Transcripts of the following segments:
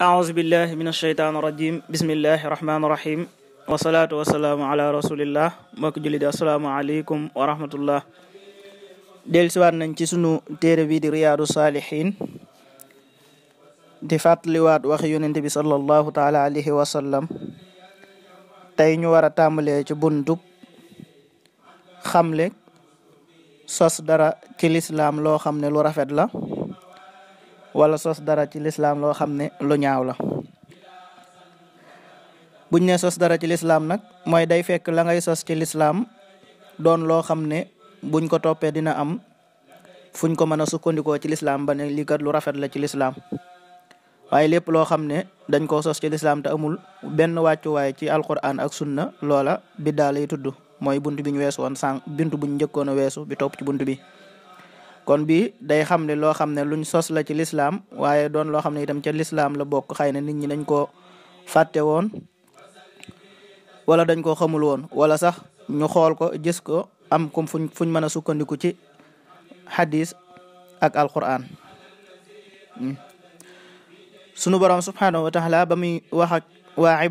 أعوذ بالله من الشيطان الرجيم بسم الله الرحمن الرحيم wasalaatu wasalaamu ala rasulillah mbokk jullit asalaamaaleykum wa rahmatullah dellusiwaat nañ ci sunu téere bii di riyaadu saalihin di fàttaliwaat wax yonent bi sallallahu taala alayhi wa sallam tey ñu war a tàmbalee ci buntub xamle sos dara ci lislaam loo xam ne lu rafet la wala sos dara ci lislaam loo xam ne lu ñaaw la buñ ne sos dara ci lislaam nag mooy day fekk la ngay sos ci lislaam doon loo xam ne buñ ko toppee dina am fuñ ko mën a sukkandikoo ci lislaam ba ne lii lu rafet la ci lislaam waaye lépp loo xam ne dañ koo sos ci lislaam te amul benn wàccuwaay ci alquran ak sunna loola daal lay tudd mooy bunt bi ñu weesu woon sànq bunt buñ njëkkoon a weesu bi topp ci bunt bi kon bi day xam ne loo xam ne luñ sos la ci lislaam waaye doon loo xam ne itam ca lislaam la bokk xay na nit ñi dañ ko fàtte woon wala dañ koo xamul woon wala sax ñu xool ko gis ko am kum fuñ fuñ mën a sukkandiku ci xadis ak alquran hmm. sunu borom subhanahu wa ba muy wax ak waa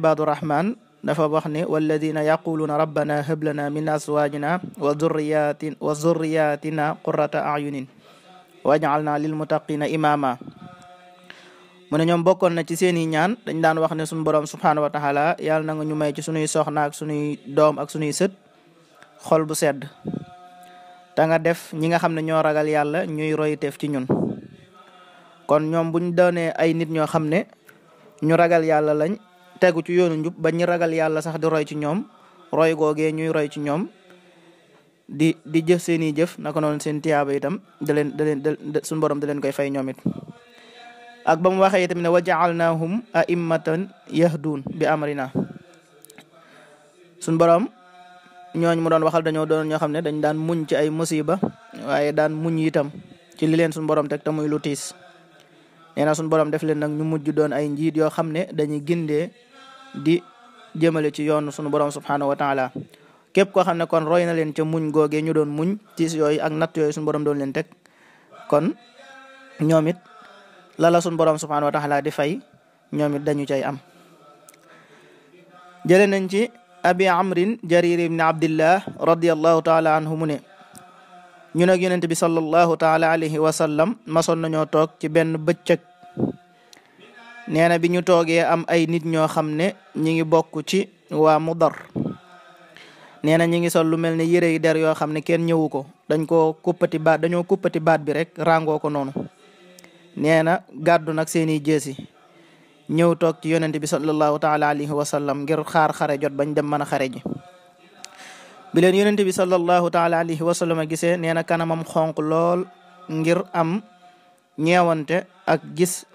dafa wax ne walladina yaquluuna rabbana hablana min azwajina wa zurriyatin wa zurriyatina qurrata ayunin waj'alna lilmuttaqina imama mu ne ñoom bokkoon na ci seeni ñaan dañ daan wax ne suñu borom subhanahu wa taala yàlla na ñu may ci suñuy soxna ak suñuy doom ak suñuy sët xol bu sedd da def ñi nga xam ne ñoo ragal yàlla ñuy ci ñun ñoo xam ne ñu ragal yàlla lañ tegu ci yoonu njub ba ragal yàlla sax di roy ci ñoom roy googee ñuy roy ci ñoom di di jëf seeni jëf naka noon seen tiyaaba itam da leen da leen suñu borom da leen koy fay ñoom ak ba mu waxee itam ne wa jaalnaahum aimmatan yahduun bi amrina suñ borom ñooñ mu doon waxal dañoo doon ñoo xam ne dañ daan muñ ci ay musiba waaye daan muñ itam ci li leen suñ borom teg te muy lu tiis nee na suñ borom def leen nag ñu mujj doon ay njiit yoo xam ne dañuy gindee di jëmale ci yoon sunu borom subhanahu wa taala képp koo xam ne kon roy na leen ci muñ googee ñu doon muñ tiis yooyu ak natt yooyu sunu borom doon leen teg kon ñoom it lala sunu borom subhanahu wa taala di fay ñoomit it dañu cay am. jële nañ ci abi amrin jarir ibni abdillah radiallahu taala anhu mu ne ñu nag yonent bi sallallahu taala alayhi wa sallam masoon nañoo toog ci benn bëccëg nee na bi ñu toogee am ay nit ñoo xam ne ñi ngi bokk ci waa Mudar nee na ñi ngi sol lu mel ne yére yi der yoo xam ne kenn ñëwu ko dañ koo kuppati baat dañoo kuppati baat bi rek ràngoo ko noonu nee na gàddu nag seeni jësi ñëw toog ci yonent bi sallallahu taala alayhi wa sallam ngir xaar xare jot bañ dem mën xare ji bi leen yonent bi sallallahu taala alayhi wa sallam gisee nee na kanamam xonq lool ngir am ñewante ak gis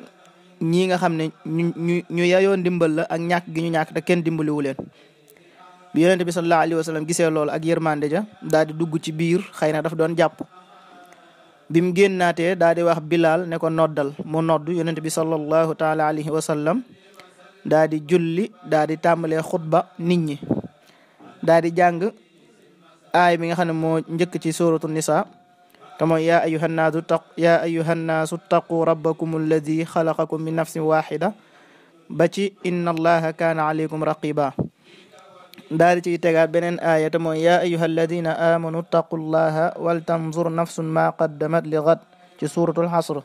ñii nga xam ne ñu ñu ñu yayoo ndimbal la ak ñàkk gi ñu ñàkk te kenn dimbaliwu leen bi yonent bi sallallahu alayhi wa sallam gisee ak yërmande ja daal di dugg ci biir xëy na daf doon jàpp bi mu génnaatee daal di wax Bilaal ne ko noddal mu nodd yonent bi sallallahu taala alayhi wa sallam daal di julli daal di xutba nit ñi daal di jàng aay bi nga xam ne moo njëkk ci suratu nisa te mooy yaa ayuhannaasu taq yaa ayuhannaasu taqu rabbakum alladi xalaqakum min nafsin waxida ba ci inna allaha kaana aleykum raqiba daal di ciy tegaat beneen aaya te mooy yaa ayuha alladina aamanu taqu llaha wal tanzur nafsun maa qaddamat li gad ci suuratul xasr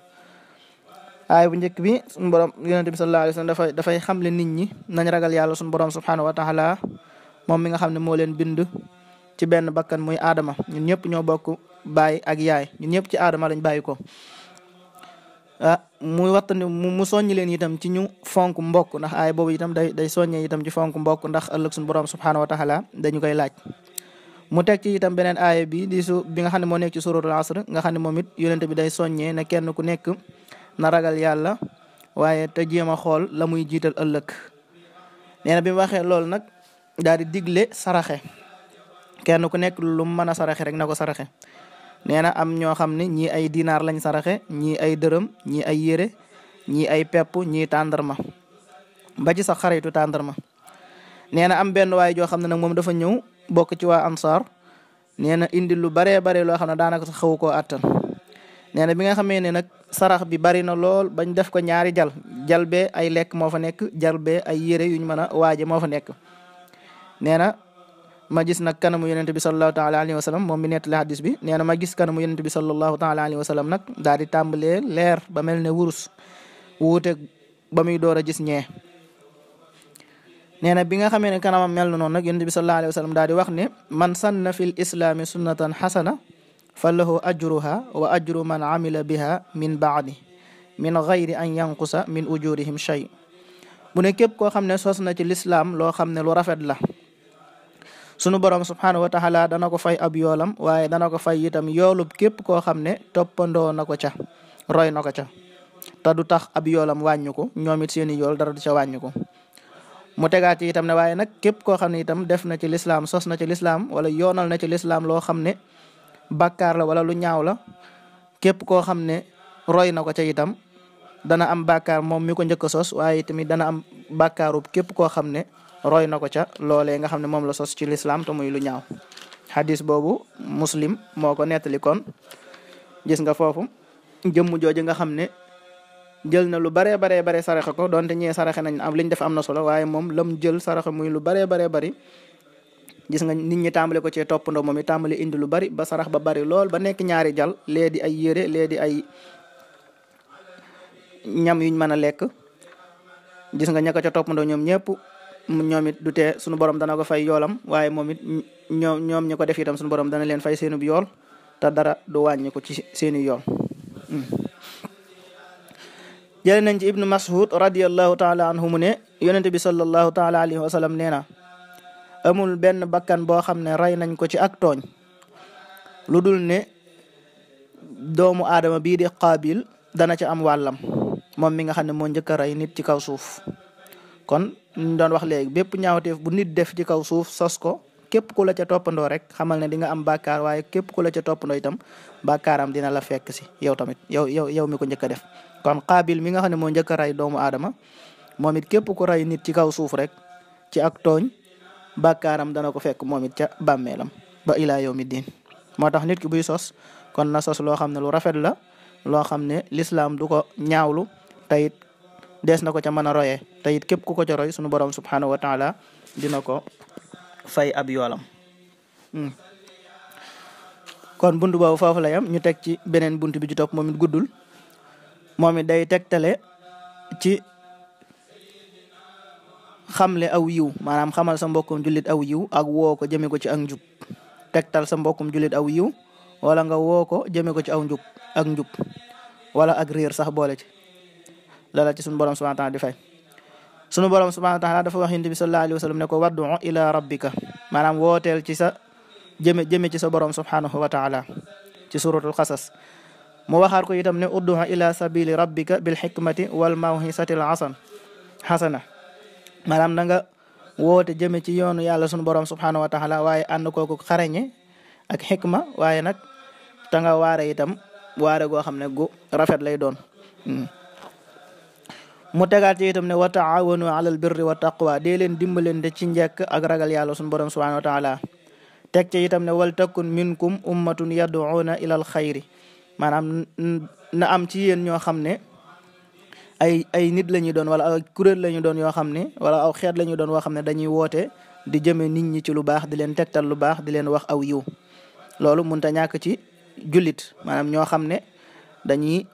aaya bu njëkk bi suñu borom yonente bi sallallahu alayhi wa sallam dafay dafay xamle nit ñi nañ ragal yàlla suñu borom subhanahu wa taala moom mi nga xam ne moo leen bind ci benn bakkan muy aadama ñun ñëpp ñoo bokk baay ak yaay ñun ñëpp ci aadama lañ bàyyi ko ah mu wattandi mu soññ leen itam ci ñu fonk mbokk ndax aay boobu itam day day soññee itam ci fonk mbokk ndax ëllëg suñu borom subhaanahu wa taala dañu koy laaj mu teg ci itam beneen aaya bi di su bi nga xam ne moo nekk ci suratul asr nga xam ne moom it yonente bi day soññee ne kenn ku nekk na ragal yàlla waaye te jéem a xool la muy jiital ëllëg nee bi waxee loolu nag daal di digle saraxe kenn ku nekk lum mën a saraxe rek na ko saraxe nee na am ñoo xam ne ñii ay dinaar lañ saraxe ñii ay dërëm ñii ay yére ñii ay pepp ñii tàndarma ba ci sax xaritu tàndarma nee na am benn waay joo xam ne nag moom dafa ñëw bokk ci waa ansaar nee na indi lu baree bare loo xam ne daanaka sax xaw ko attan nee na bi nga xamee ne nag sarax bi bari na lool bañ def ko ñaari jal jal bee ay lekk moo fa nekk jal bee ay yére yuñ mën a waaje moo fa nekk nee ma gis nag kanamu yonente bi sallallahu taala alayhi wa sallam moom mi nettali hadis bi nee na ma gis kanamu yonente bi sallallahu taala alayhi wa sallam nag daal di tàmbalee leer ba mel ne wurus wuute ba muy door a gis ñee nee na bi nga xamee ne kanamam mel na noonu nag yonente bi sallallahu alayhi wa daal di wax ne man sanna fil islaami sunnatan xasana fa lahu ajruha wa ajru man amila biha min baadi min gayri an yanqusa min ujurihim shay mu ne képp koo xam ne sos na ci lislaam loo xam ne lu rafet la sunu borom subhanahu wa taala dana ko fay ab yoolam waaye dana ko fay itam yoolub képp koo xam ne toppandoo na ko ca roy na ko ca te du tax ab yoolam wàññu ko ñoom it seeni yool dara du ca wàññu ko mu tegaat ci itam ne waaye nag képp koo xam ne itam def na ci lislaam sos na ci lislaam wala yoonal na ci lislaam loo xam ne bàkkaar la wala lu ñaaw la képp koo xam ne roy na ko ca itam dana am bakar moom miko ko njëkk sos waaye tamit dana am bàkkaarub képp koo xam ne roy na ko ca loolee nga xam ne moom la sos ci lislaam te muy lu ñaaw xadis boobu muslim moo ko nettali kon gis nga foofu jëmm jooju nga xam ne jël na lu baree baree bare saraxe ko donte ñee saraxe nañ am liñ def am na solo waaye moom lam jël saraxe muy lu baree baree bari gis nga nit ñi tàmbale ko cee toppandoo moom i tàmbale indi lu bari ba sarax ba bari lool ba nekk ñaari jal lee ay yére lee ay ñam yuñ mën a lekk gis nga ña ca toppandoo ñoom ñëpp ñoom it du tee suñu borom dana ko fay yoolam waaye moom it ñoom ñoom ñi ko def itam suñu borom dana leen fay seenub yool te dara du wàññi ko ci seeni yool hmm. jële nañ ci ibnu mas'ud radiallahu taala anhu mu ne yonente bi sallallahu taala alayhi wa sallam nee na amul benn bakkan boo xam ne rey nañ ko ci ak tooñ lu dul ne doomu aadama bii di qaabil dana ci am wàllam moom mi nga xam ne moo njëkk a nit ci kaw suuf kon ñu doon wax léegi bépp ñaawteef bu nit def ci kaw suuf sos ko képp ku la ca toppandoo rek xamal ne di nga am bàkkaar waaye képp ku la ca toppandoo itam bàkkaaram dina la fekk si yow tamit yow yow yow mi ko njëkk a def kon xaabil mi nga xam ne moo njëkk doomu aadama moom it képp ku rey nit ci kaw suuf rek ci ak tooñ bàkkaaram dana ko fekk moom it ca bàmmeelam ba ilaa yawmi diin moo tax nit ki buy sos kon na sos loo xam ne lu rafet la loo xam ne lislaam du ko ñaawlu tayit des na ko ca mën a royee te it képp ku ko ca roy sunu borom subhanahu wa taala dina ko fay ab yoolam. Hmm. kon buntu boobu foofu la yam ñu teg ci beneen bunt bi ci topp moom it guddul moom it day tegtale ci xamle aw yiw maanaam xamal sa mbokkum jullit aw yiw ak woo ko jëme ko ci ak njub tegtal sa mbokkum jullit aw yiw wala nga woo ko jëme ko ci aw njub ak njub wala ak réer sax boole ci lala ci sunu borom subhanahu wa taala di fay borom subhanahu wa taala dafa wax yonent bi sallallahu alayhi wa sallam ne ko waddu ila rabbika maanaam wooteel ci sa jëme jëme ci sa borom subhanahu wa taala ci suratul qasas mu waxaat ko itam ne uddu ila sabili rabbika bil xikmati wal mawhisati al hasan hasana maanaam na nga woote jëme ci yoonu yàlla sunu borom subhanahu wa taala waaye ànd kooku xarañe ak xikma waaye nag ta nga waare itam waare goo xam ne gu rafet lay doon hmm. mu tegaat ci itam ne wa taawanu alal birri wa taqwa dee leen dimbalante ci njekk ak ragal yàlla suñu borom subhanahu wa taala teg ci itam ne wal takun minkum ummatun yaduuna ilal xayri maanaam na am ci yéen ñoo xam ne ay ay nit la doon wala ay kuréel la ñu doon yoo xam ne wala aw xeet la ñu doon yoo xam ne dañuy woote di jëme nit ñi ci lu baax di leen tegtal lu baax di leen wax aw yiw loolu munta ñàkk ci jullit maanaam ñoo xam ne dañuy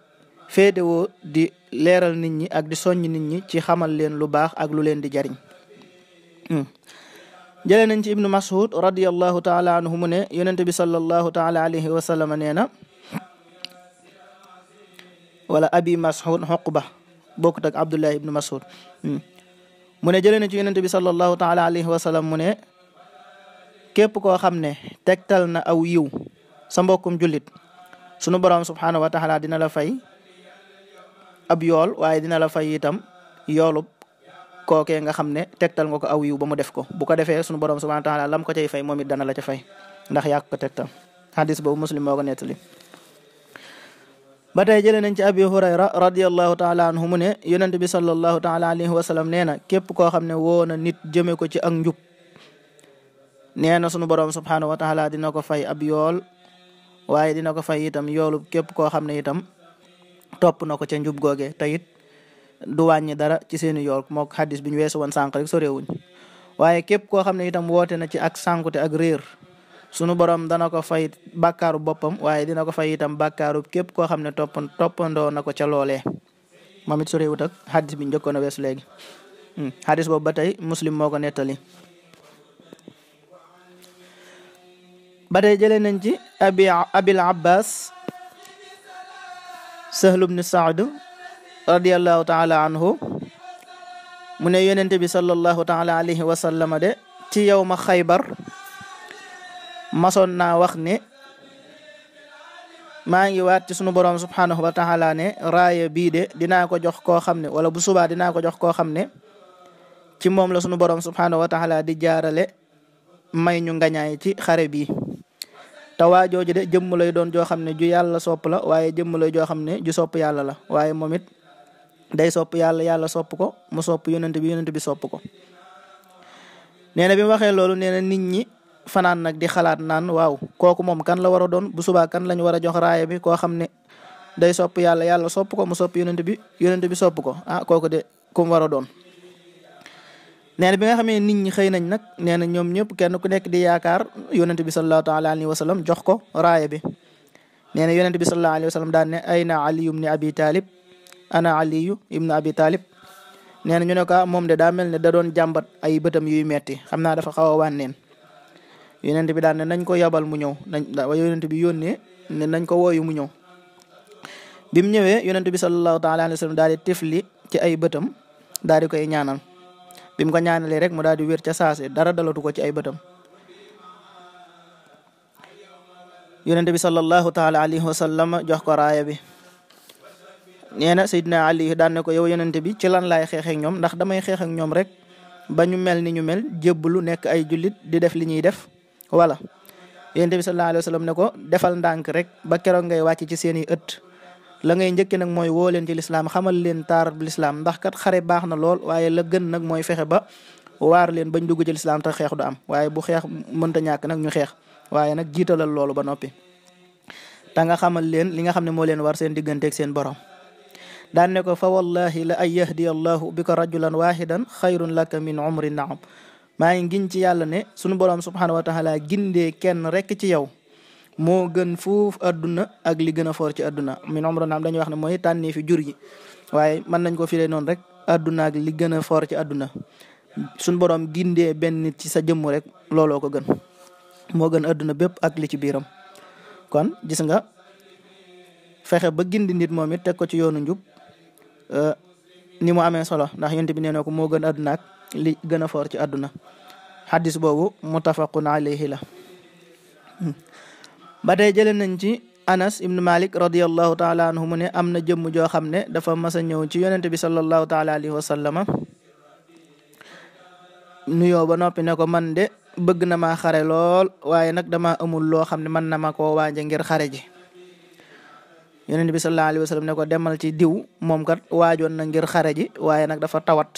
féetewoo di leeral nit ñi ak di soññ nit ñi ci xamal leen lu baax ak lu leen di jariñ hmm. jëlee nañ ci ibnu mas'ud radiallahu taala anhu mu ne yonente bi sallallahu taala alayhi wa nee na wala abi mas'ud xoqba bokkut ak abdullahi ibnu mas'ud hmm. mu ne jëlee nañ ci yonente bi sallallahu taala alayhi wa mu ne képp koo xam ne tegtal na aw yiw sa mbokkum jullit sunu borom subhanahu wa taala dina la fay ab yool waaye dina la fay itam yoolub kookee nga xam ne tegtal nga ko aw yiw ba mu def ko bu ko defee sunu borom subhanahu wa taala lam ko cay fay moom it dana la ca fay ndax yàq ko tegtal hadis muslim moo ko nettali ba tey jëlee nañ ci abi hurayra radiallahu taala anhu mu ne yonent bi salallahu taala alayhi wa sallam nee na képp koo xam ne woo na nit jëme ko ci ak njub nee na sunu borom subhanahu wa taala dina ko fay ab yool waaye dina ko fay itam yoolub képp koo xam ne itam topp na ko ca njub googee te it du wàññi dara ci seen yool mook xaddis bi ñu weesu woon sànq rek soreewuñ waaye képp koo xam ne itam woote na ci ak sànkute ak réer sunu boroom dana ko fay bàkkaaru boppam waaye dina ko fay itam bàkkaaru képp koo xam ne topp toppandoo na ko ca loole moom it soreewut ak xaddis bi njëkkoon a weesu léegi hmm. xaddis boobu ba tey muslim moo ko nettali ba tey ci abi abil abbas sahlu bnu saad radiallahu taala anhu mu ne yonente bi sallallahu taala alayhi wa sallama de ci yow ma xaybar masoon naa wax ne maa ngi waat ci sunu borom subhanahu wa taala ne raaya bii de dinaa ko jox koo xam ne wala bu subaa dinaa ko jox koo xam ne ci moom la sunu borom subhanahu wa taala di jaarale may ñu ngañaay ci xare bi te waa jooju de jëmm lay doon joo xam ne ju yàlla sopp la waaye jëmm lay joo xam ne ju sopp yàlla la waaye moom it day sopp yàlla yàlla sopp ko mu sopp yonent bi yonent bi sopp ko nee na bi mu waxee loolu nee na nit ñi fanaan nag di xalaat naan waaw kooku moom kan la war a doon bu subaa kan lañ war a jox raaya bi koo xam ne day sopp yàlla yàlla sopp ko mu sopp yonent bi yonent bi sopp ko ah kooku de ku mu war a doon nee bi nga xamee nit ñi xëy nañ nag nee na ñoom ñëpp kenn ku nekk di yaakaar yonent bi sallallahu taala alayhi wa sallam jox ko raaya bi nee na bi sallallahu alayhi wa sallam daan ne ayna aliyu ibni abi talib ana aliyu ibnu abi talib nee na ñu ne ah, moom de daa mel ne da doon jàmbat ay yuy metti xam naa dafa xaw a wànneen yonent bi daan ne nañ ko yabal mu ñëw nañ yonent bi yónnee ne nañ ko wooyu mu ñëw bi mu ñëwee yonent bi sallallahu taala alayhi daal di tifli ci ay bëtam daal di koy ñaanal bi mu ko ñaanalee rek mu daal di wér saase dara dalatu ko ci ay bëtam yonente bi sallallahu taala alayhi wa sallam jox ko raaya bi nee na Seydina Ali daan ne ko yow yonente bi ci lan laay xeex ñoom ndax damay xeex ak ñoom rek ba ñu mel ni ñu mel jébbalu nekk ay jullit di def li ñuy def wala yonente bi sallallahu alayhi wa ne ko defal ndànk rek ba keroog ngay wàcc ci seeni ëtt la ngay njëkke nag mooy woo leen ci lislaam xamal leen taar lislaam ndax kat xare baax na lool waaye la gën nag mooy fexe ba waar leen bañ dugg ci lislaam te xeex du am waaye bu xeex mën ta ñàkk nag ñu xeex waaye nag jiitalal loolu ba noppi te nga xamal leen li nga xam ne moo leen war seen digganteek seen borom daan ne ko fa wallahi la ay yahdiya allahu bi ko rajulan wahidan xayrun laka min umri na maa ngi giñ ci yàlla ne sunu borom subhanahu wa taala gindee kenn rek ci yow moo gën fuuf adduna ak li gën a foor ci adduna min umra naam dañuy wax ne mooy tànnee fi jur gi waaye mën nañ ko firee noonu rek adduna ak li gën a foor ci adduna suñ borom gindee benn nit ci sa jëmm rek looloo ko gën moo gën adduna bépp ak li ci biiram kon gis nga fexe ba gindi nit moom it teg ko ci yoonu njub euh, ni mu amee solo ndax yonent bi nee na ko moo gën adduna ak li gën a foor ci adduna xaddis boobu mutafaqun alayhi la hmm. ba tey jëlee nañ ci anas ibnu malik radiallahu taala anhu mu ne am na jëmm joo xam ne dafa mas a ñëw ci yonente bi salallahu taala alayhi wa sallama nuyoo ba noppi ne ko man de bëgg na maa xare lool waaye nag dama amul loo xam ne mën na ma ko waaje ngir xare ji yonent bi sallallahu alayhi wa sallam ne ko demal ci diw moom kat waajoon na ngir xare ji waaye nag dafa tawat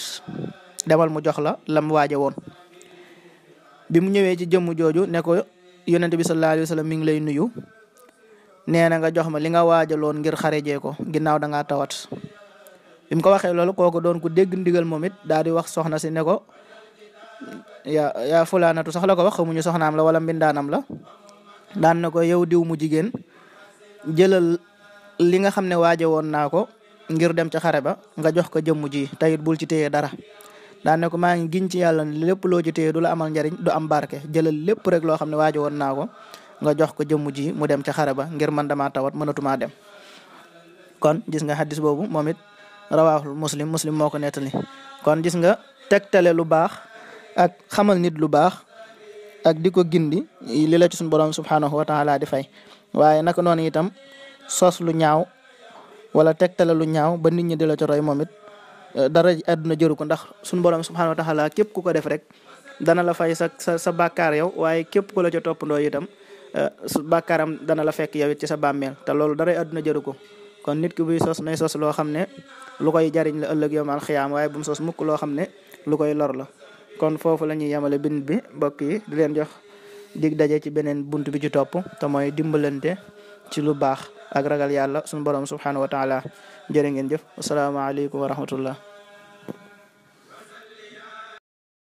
demal mu jox la lam waaje woon bi ñëwee ci jëmm jooju ne yonent bi sallallahu alayhi wa sallam ngi lay nuyu nee na nga jox ma li nga loon ngir xare xarejee ko ginnaaw da ngaa tawat bi mu ko waxee loolu kooku doon ku dégg ndigal moom it daal di wax soxna si ne ko yaa yaa sax la ko wax xamuñu soxnaam la wala mbindaanam la daan na ko yow diw mu jigéen jëlal li nga xam ne waaje woon naa ko ngir dem ca xare ba nga jox ko jëmm ji tayit bul ci téye dara daa ko maa ngi giñ ci yàlla lépp loo ci téye du la amal njariñ du am barke jëlal lépp rek loo xam ne waajo woon ko nga jox ko jëmm ji mu dem ca xare ba ngir man damaa tawat mënatumaa dem kon gis nga xaddis boobu moom it rawaahul muslim muslim moo ko nettali kon gis nga tegtale lu baax ak xamal nit lu baax ak di ko gindi li suñu borom subhanahu wa taala di fay waaye naka noonu itam sos lu ñaaw wala tegtale lu ñaaw ba nit ñi di la ci Euh, dara àdduna jëru ko ndax suñu borom subhanahu wa taala képp ku ko def rek dana la fay sa sa sa bàkkaar yow waaye képp ku la ca toppandoo itam euh, su bàkkaaram dana la fekk yow it ci sa bàmmeel te loolu dara àdduna jëru ko kon nit ki buy sos nay sos loo xam ne lu koy jariñ la ëllëg yowmal xiyaam waaye bu mu sos mukk loo xam ne lu koy lor la kon foofu la ñuy yemale bind bi mbokk yi di leen jox dig daje ci beneen bunt bi ci topp te mooy dimbalante ci lu baax ak ragal yàlla sunu borom subhanahu wa taala jërë ngeen jëf asalaamaaleykum wa rahmatullah